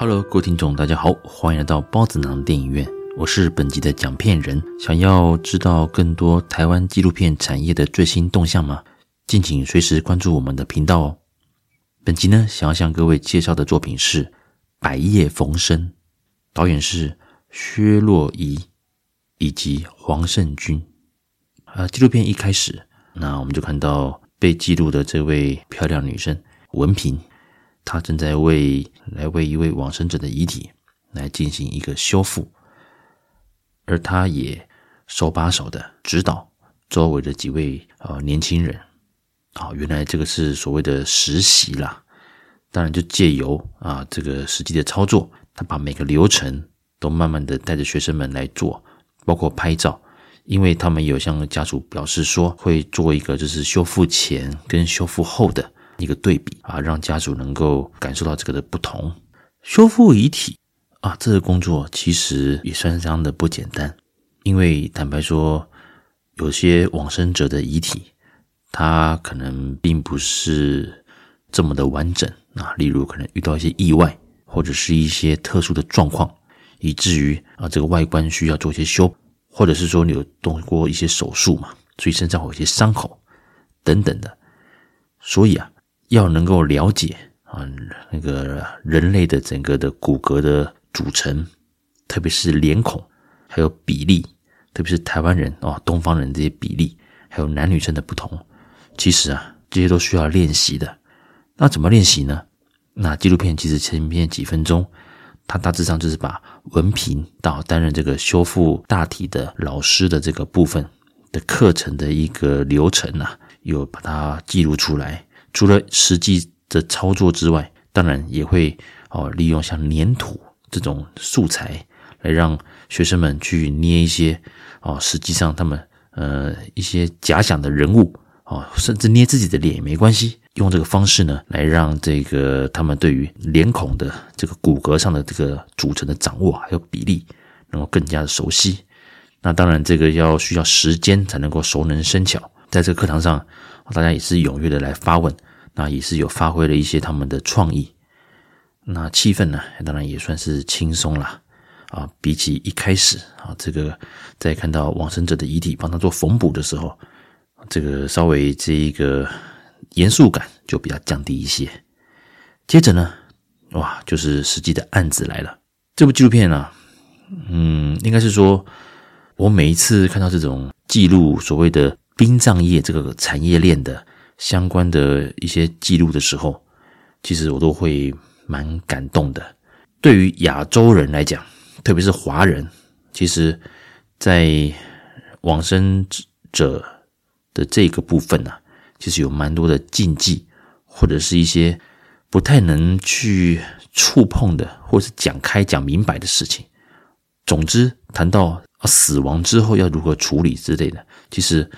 Hello，各位聽眾，大家好，歡迎來到孢子囊電影院。我是本集的講片人。想要知道更多台灣紀錄片產業的最新動向嗎？敬請隨時關注我們的頻道哦。本集呢，想要向各位介紹的作品是《百夜縫生》，導演是薛洛儀以及黃勝君。啊，紀錄片一開始，那我們就看到被記錄的這位漂亮女生文萍。他正在為來為一位往生者的遺體來進行一個修復，而他也手把手的指導周圍的幾位呃年輕人。好、哦，原來這個是所謂的實習啦，當然就借由啊這個實際的操作，他把每個流程都慢慢的帶着學生們來做，包括拍照，因為他們有向家屬表示說會做一個就是修復前跟修復後的。一個對比啊，讓家屬能夠感受到這個的不同。修復遺體啊，這個工作其實也算是非常的不簡單，因為坦白說，有些往生者的遺體，它可能並不是這麼的完整啊。例如，可能遇到一些意外，或者是一些特殊的狀況，以至於啊，這個外觀需要做一些修，或者是說你有動過一些手術嘛，所以身上會有些傷口等等的。所以啊。要能夠了解啊，那個人類的整個的骨骼的組成，特別是臉孔，還有比例，特別是台灣人哦，東方人這些比例，還有男女生的不同。其實啊，這些都需要練習的。那怎麼練習呢？那紀錄片其實前面幾分鐘，它大致上就是把文萍到擔任這個修復大體的老師的這個部分的課程的一個流程啊，有把它記錄出來。除了實際的操作之外，當然也會哦，利用像黏土這種素材來讓學生們去捏一些哦，實際上他們呃一些假想的人物哦，甚至捏自己的臉也沒關係。用這個方式呢，來讓這個他們對於臉孔的這個骨骼上的這個組成的掌握還有比例，能夠更加的熟悉。那當然，這個要需要時間才能夠熟能生巧，在這個課堂上。大家也是踴躍的來發問，那也是有發揮了一些他們的創意，那氣氛呢，當然也算是輕鬆啦。啊。比起一開始啊，這個在看到往生者的遺體，幫他做縫補的時候，這個稍微這一個嚴肅感就比較降低一些。接着呢，哇，就是實際的案子來了。這部紀錄片呢，啊，嗯，應該是說，我每一次看到這種記錄所謂的。殯葬業這個產業鏈的相關的一些記錄的時候，其實我都會蠻感動的。對於亞洲人來講，特別是華人，其實，在往生者的這個部分呢、啊，其實有蠻多的禁忌，或者是一些不太能去觸碰的，或是講開講明白的事情。總之，談到死亡之後要如何處理之類的，其實。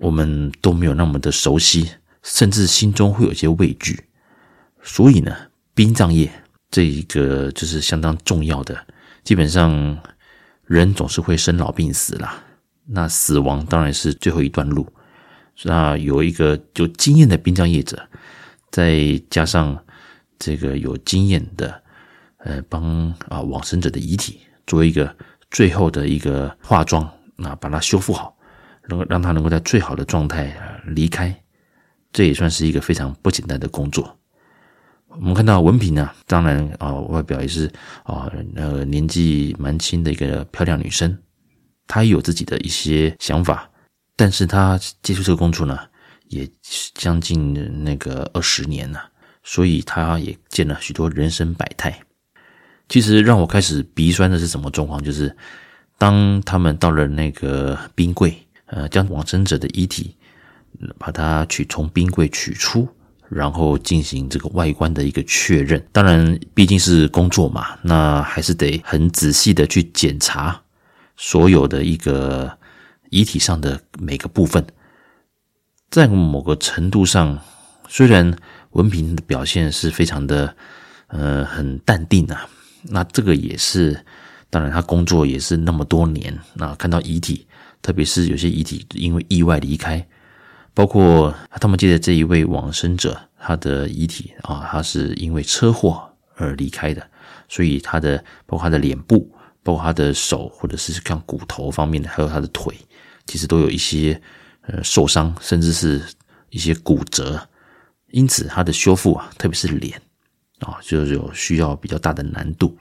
我們都沒有那麼的熟悉，甚至心中會有些畏懼。所以呢，殯葬業這一個就是相當重要的。基本上，人總是會生老病死啦。那死亡當然是最後一段路。那有一個有經驗的殯葬業者，再加上這個有經驗的，呃，幫啊，往生者的遺體做一個最後的一個化妝，那把它修復好。能夠讓他能夠在最好的狀態離開，這也算是一個非常不簡單的工作。我們看到文萍呢，當然啊、哦，外表也是啊、哦，呃，年紀蠻輕的一個漂亮女生，她有自己的一些想法，但是她接觸這個工作呢，也將近那個二十年了，所以她也見了許多人生百態。其實讓我開始鼻酸的是什麼狀況？就是當他們到了那個冰櫃。呃，將往生者的遺體，把它取，從冰櫃取出，然後進行這個外觀的一個確認。當然，畢竟是工作嘛，那還是得很仔細的去檢查所有的一個遺體上的每個部分。在某個程度上，雖然文萍的表現是非常的，呃，很淡定啊。那這個也是，當然他工作也是那麼多年，那看到遺體。特別是有些遺體因為意外離開，包括他們記得這一位往生者，他的遺體啊，他是因為車禍而離開的，所以他的包括他的臉部，包括他的手，或者是像骨頭方面的，還有他的腿，其實都有一些呃受傷，甚至是一些骨折，因此他的修復啊，特別是臉啊，就有需要比較大的難度。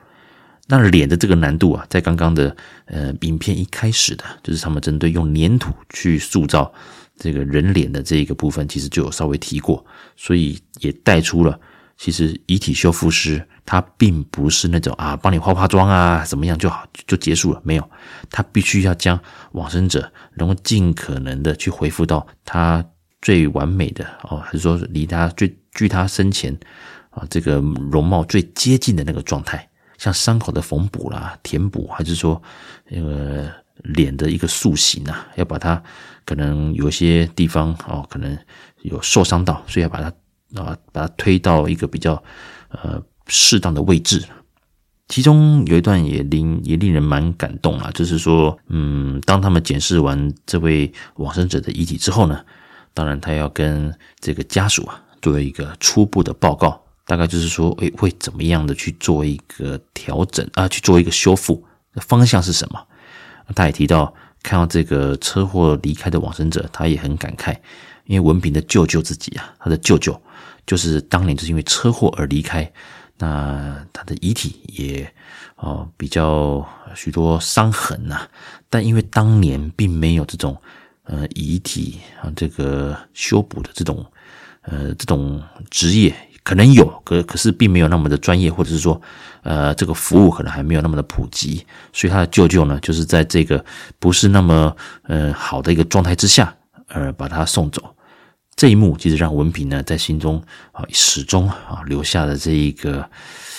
那臉的這個難度啊，在剛剛的呃影片一開始的，就是他們針對用粘土去塑造這個人臉的這一個部分，其實就有稍微提過，所以也帶出了，其實遺體修復師他並不是那種啊，幫你化化妝啊，怎麼樣就好就結束了，沒有，他必須要將往生者能夠盡可能的去恢復到他最完美的哦，還是說離他最距他生前啊這個容貌最接近的那個狀態。像傷口的縫補啦、填補、啊，還是說那個臉的一個塑形啊，要把它可能有些地方啊、哦，可能有受傷到，所以要把它啊，把它推到一個比較呃適當的位置。其中有一段也令也令人蠻感動啊，就是說，嗯，當他們檢視完這位往生者的遺體之後呢，當然他要跟這個家屬啊，作為一個初步的報告。大概就是說，哎、欸，會怎麼樣的去做一個調整啊？去做一個修復，方向是什麼？他也提到，看到這個車禍離開的往生者，他也很感慨，因為文萍的舅舅自己啊，他的舅舅就是當年就是因為車禍而離開，那他的遺體也哦比較許多傷痕吶、啊，但因為當年並沒有這種呃遺體啊這個修補的這種呃這種職業。可能有，可可是並沒有那麼的專業，或者是說，呃，這個服務可能還沒有那麼的普及，所以他的舅舅呢，就是在這個不是那麼呃好的一個狀態之下，呃，把他送走。這一幕其實讓文萍呢，在心中啊、哦、始終啊、哦、留下了這一個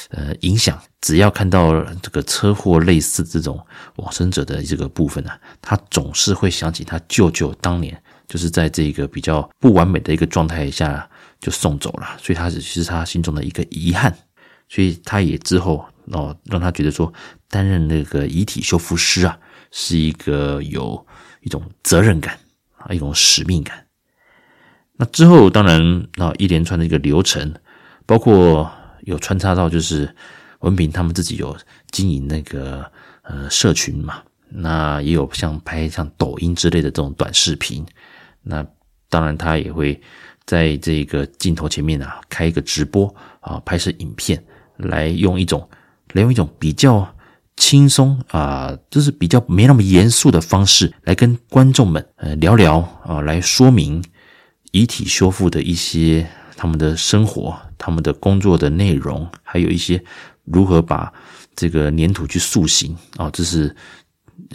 呃影響。只要看到這個車禍類似這種往生者的這個部分呢、啊，他總是會想起他舅舅當年就是在這個比較不完美的一個狀態下。就送走了，所以他只是他心中的一個遺憾，所以他也之後哦，讓他覺得說擔任那個遺體修復師啊，是一個有一種責任感啊，一種使命感。那之後當然啊，一連串的一個流程，包括有穿插到就是文萍他們自己有經營那個呃社群嘛，那也有像拍像抖音之類的這種短視頻，那當然他也會。在這個鏡頭前面啊，開一個直播啊，拍攝影片，來用一種來用一種比較輕鬆啊，就是比較沒那麼嚴肅的方式，來跟觀眾們呃聊聊啊，來說明遺體修復的一些他們的生活、他們的工作的內容，還有一些如何把這個粘土去塑形啊，這是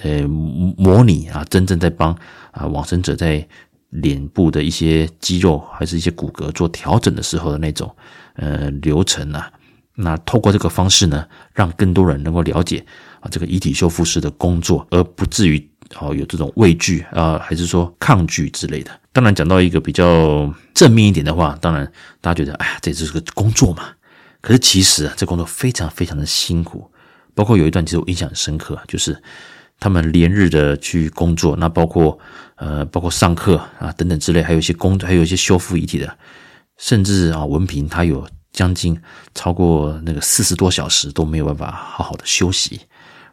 呃模擬啊，真正在幫啊，往生者在。臉部的一些肌肉，還是一些骨骼做調整的時候的那種，呃，流程啊。那透過這個方式呢，讓更多人能夠了解啊，這個遺體修復師的工作，而不至於哦有這種畏懼啊，還是說抗拒之類的。當然，講到一個比較正面一點的話，當然大家覺得，哎呀，這就是個工作嘛。可是其實啊，這工作非常非常的辛苦。包括有一段其實我印象很深刻，就是。他們連日的去工作，那包括呃，包括上課啊等等之類，還有一些工，還有一些修復遺體的，甚至啊，文萍他有將近超過那個四十多小時都沒有辦法好好的休息。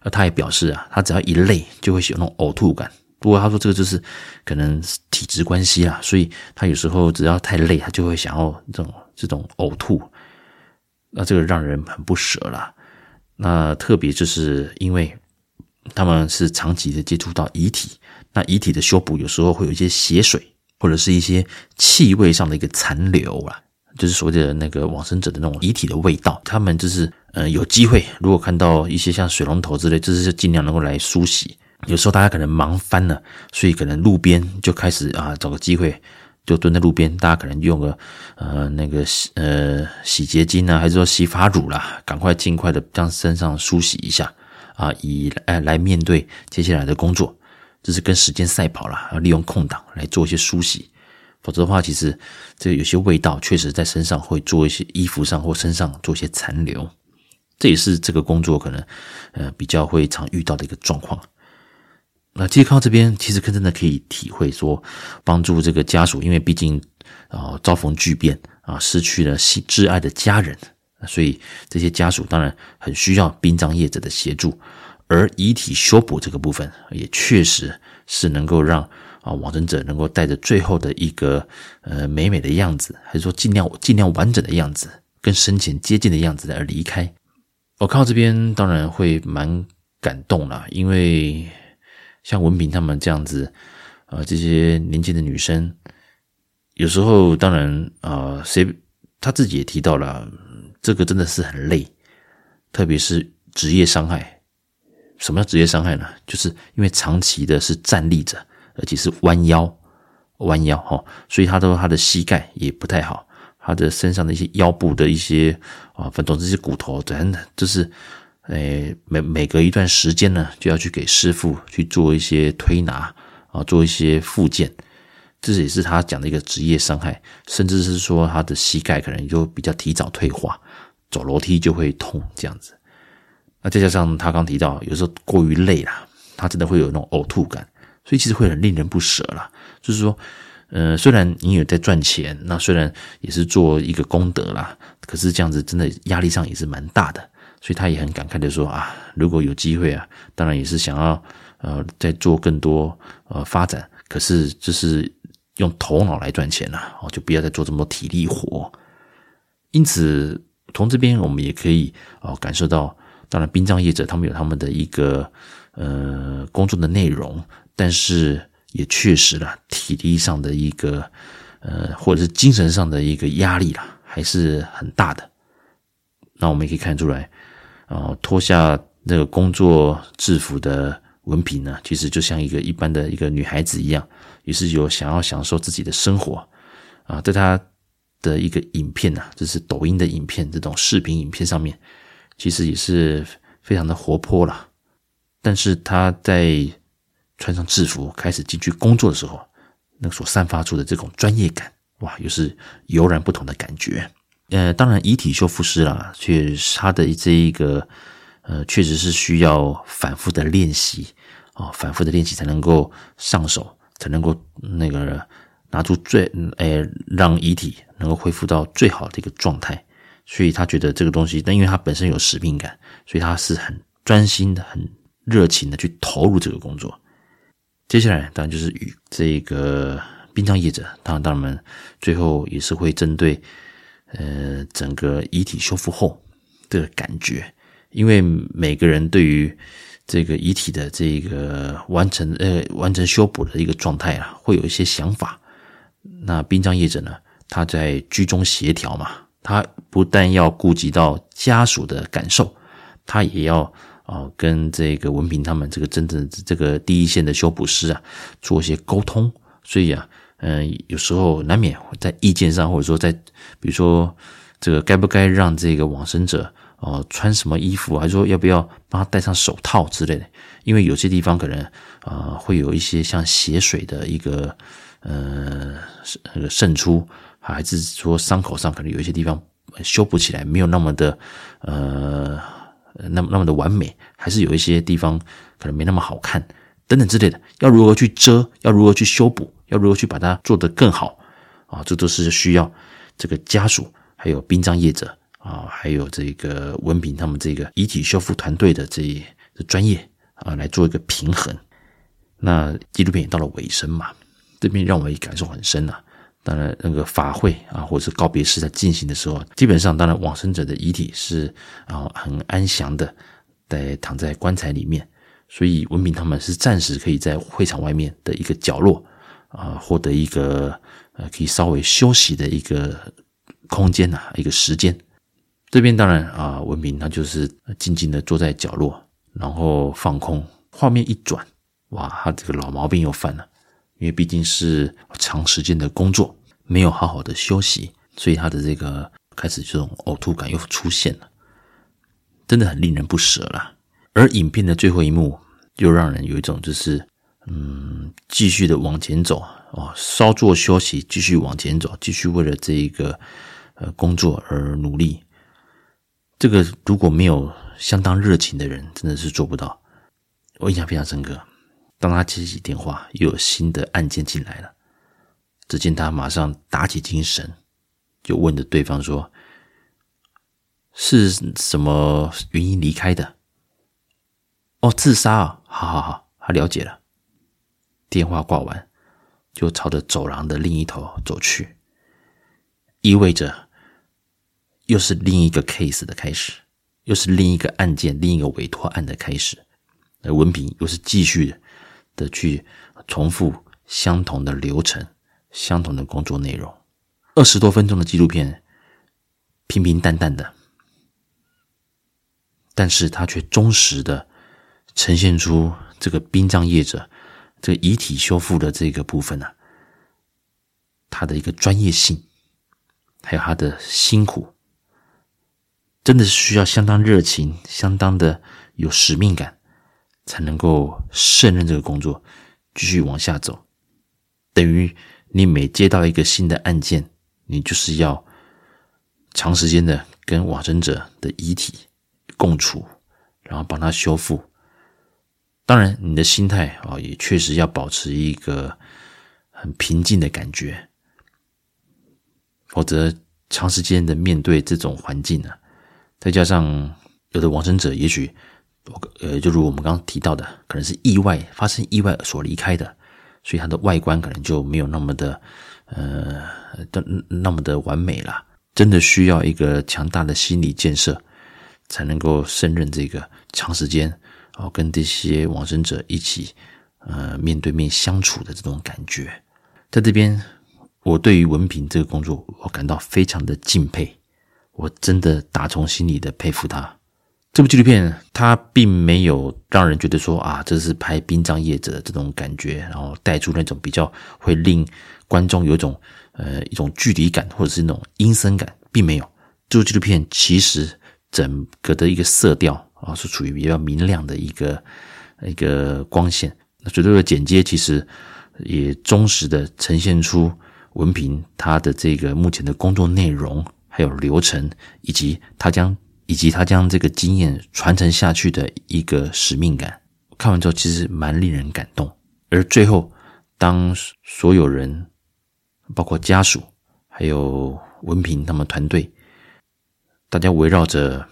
而他也表示啊，他只要一累就會有那種嘔吐感。不過他說這個就是可能體質關係啦、啊，所以他有時候只要太累，他就會想要這種這種嘔吐。那這個讓人很不捨啦。那特別就是因為。他們是長期的接觸到遺體，那遺體的修補有時候會有一些血水，或者是一些氣味上的一個殘留啊，就是所謂的那個往生者的那種遺體的味道。他們就是，嗯、呃，有機會如果看到一些像水龍頭之類，就是就盡量能夠來梳洗。有時候大家可能忙翻了，所以可能路邊就開始啊，找個機會就蹲在路邊，大家可能用個呃那個呃洗潔精啊，還是說洗髮乳啦，趕快盡快的將身上梳洗一下。啊，以呃，來面對接下來的工作，這是跟時間賽跑啦。要利用空檔來做一些梳洗，否則的話，其實這有些味道確實，在身上會做一些衣服上或身上做一些殘留。這也是這個工作可能呃比較會常遇到的一個狀況。那健康這邊，其實更真的可以體會說，幫助這個家屬，因為畢竟啊，哦，遭逢巨變啊，失去了心摯愛的家人。所以這些家屬當然很需要殯葬業者的協助，而遺體修補這個部分也確實是能夠讓啊往生者能夠帶着最後的一個呃美美的樣子，還是說盡量盡量完整的樣子，跟生前接近的樣子來離開。我看到這邊當然會蠻感動啦，因為像文萍他們這樣子啊這些年輕的女生，有時候當然啊，誰她自己也提到了。這個真的是很累，特別是職業傷害。什麼叫職業傷害呢？就是因為長期的是站立着，而且是彎腰，彎腰哈，所以他的他的膝蓋也不太好，他的身上的一些腰部的一些啊，反正總之是骨頭等等，就是誒、哎，每每隔一段時間呢，就要去給師傅去做一些推拿啊，做一些復健，這也是他講的一個職業傷害，甚至是說他的膝蓋可能就比較提早退化。走樓梯就會痛，這樣子。那再加上他剛提到，有時候過於累了，他真的會有那種嘔吐感，所以其實會很令人不舍啦。就是說，呃，雖然你也在賺錢，那雖然也是做一個功德啦，可是這樣子真的壓力上也是蠻大的。所以他也很感慨的說啊，如果有機會啊，當然也是想要呃再做更多呃發展，可是就是用頭腦來賺錢啦，哦，就不要再做這麼多體力活。因此。從這邊我們也可以啊感受到，當然殯葬業者他們有他們的一個呃工作的內容，但是也確實啦，體力上的一個呃或者是精神上的一個壓力啦，還是很大的。那我們也可以看出來，啊，脫下那個工作制服的文萍呢，其實就像一個一般的一個女孩子一樣，於是有想要享受自己的生活啊，在她。的一個影片吶、啊，就是抖音的影片，這種視頻影片上面，其實也是非常的活潑啦，但是他在穿上制服開始進去工作的時候，那個所散發出的這種專業感，哇，又是迥然不同的感覺。呃，當然，遺體修復師啦，確他的這一個，呃，確實是需要反復的練習啊、哦，反復的練習才能夠上手，才能夠那個。拿出最誒，讓遺體能夠恢復到最好的一個狀態，所以他覺得這個東西，但因為他本身有使命感，所以他是很專心的、很熱情的去投入這個工作。接下來當然就是與這個殯葬業者，當然，他們最後也是會針對呃整個遺體修復後的感覺，因為每個人對於這個遺體的這個完成呃完成修補的一個狀態啊，會有一些想法。那殯葬業者呢？他在居中協調嘛，他不但要顧及到家屬的感受，他也要啊、呃、跟這個文萍他們這個真正這個第一線的修補師啊做一些溝通。所以啊，嗯、呃，有時候難免在意見上，或者說在比如說這個該不該讓這個往生者啊、呃、穿什麼衣服，還是說要不要幫他戴上手套之類的，因為有些地方可能啊、呃、會有一些像血水的一個。呃，那個滲出還是說傷口上可能有一些地方修補起來沒有那麼的呃，那麼那麼的完美，還是有一些地方可能沒那麼好看等等之類的，要如何去遮，要如何去修補，要如何去把它做得更好啊？這都是需要這個家屬、還有殯葬業者啊，還有這個文萍他們這個遺體修復團隊的這的專業啊，來做一個平衡。那紀錄片也到了尾聲嘛。這邊讓我也感受很深吶、啊。當然，那個法會啊，或者是告別式在進行的時候，基本上，當然往生者的遺體是啊很安詳的，在躺在棺材裡面。所以文萍他們是暫時可以在會場外面的一個角落啊，獲得一個呃可以稍微休息的一個空間吶、啊，一個時間。這邊當然啊，文萍他就是靜靜的坐在角落，然後放空。畫面一轉，哇，他這個老毛病又犯了。因為畢竟是長時間的工作，沒有好好的休息，所以他的這個開始這種嘔吐感又出現了，真的很令人不捨啦。而影片的最後一幕又讓人有一種就是，嗯，繼續的往前走啊，稍作休息，繼續往前走，繼續為了這一個呃工作而努力。這個如果沒有相當熱情的人，真的是做不到。我印象非常深刻。當他接起電話，又有新的案件進來了。只見他馬上打起精神，就問着對方說：“是什麼原因離開的？”哦，自殺啊、哦！好好好，他了解了。電話掛完，就朝着走廊的另一頭走去，意味着又是另一個 case 的開始，又是另一個案件、另一個委托案的開始。而文萍又是繼續的去重複相同的流程、相同的工作內容，二十多分鐘的紀錄片，平平淡淡的，但是他卻忠實的呈現出這個殯葬業者、這個遺體修復的這個部分呢、啊，他的一個專業性，還有他的辛苦，真的是需要相當熱情、相當的有使命感。才能夠勝任這個工作，繼續往下走。等於你每接到一個新的案件，你就是要長時間的跟往生者的遺體共處，然後幫他修復。當然，你的心態啊，也確實要保持一個很平靜的感覺，否則長時間的面對這種環境啊，再加上有的往生者，也許。呃，就如我們剛剛提到的，可能是意外發生意外所離開的，所以它的外觀可能就沒有那麼的，呃，那麼的完美了。真的需要一個強大的心理建設，才能夠勝任這個長時間哦，跟這些往生者一起，呃，面對面相處的這種感覺。在這邊，我對於文萍這個工作，我感到非常的敬佩，我真的打從心裡的佩服他。這部紀錄片它並沒有讓人覺得說啊，這是拍殯葬業者的這種感覺，然後帶出那種比較會令觀眾有一種呃一種距離感或者是那種陰森感，並沒有。這部紀錄片其實整個的一個色調啊是處於比較明亮的一個一個光線，那所有的剪接其實也忠實的呈現出文萍它的這個目前的工作內容，還有流程，以及它將。以及他將這個經驗傳承下去的一個使命感，看完之後其實蠻令人感動。而最後，當所有人，包括家屬，還有文萍他們團隊，大家圍繞着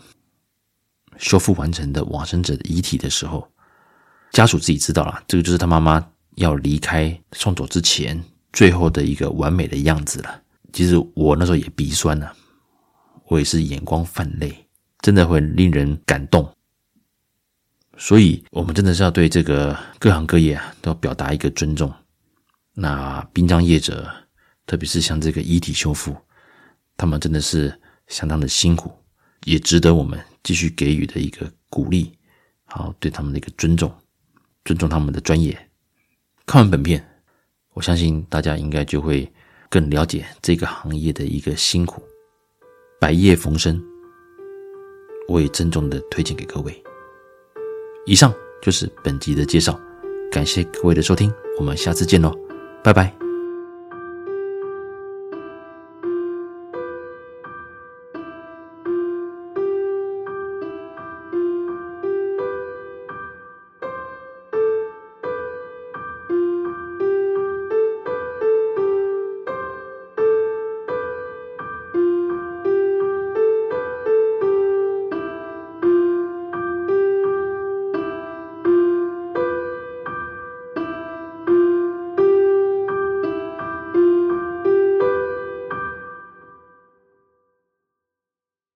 修復完成的往生者的遺體的時候，家屬自己知道了，這個就是他媽媽要離開、送走之前最後的一個完美的樣子了。其實我那時候也鼻酸了、啊，我也是眼光泛淚。真的會令人感動，所以我們真的是要對這個各行各業啊，都要表達一個尊重。那殯葬業者，特別是像這個遺體修復，他們真的是相當的辛苦，也值得我們繼續給予的一個鼓勵，好，對他們的一個尊重，尊重他們的專業。看完本片，我相信大家應該就會更了解這個行業的一個辛苦，百夜縫生。我也鄭重地推薦給各位。以上就是本集的介紹，感謝各位的收聽，我們下次見嘍，拜拜。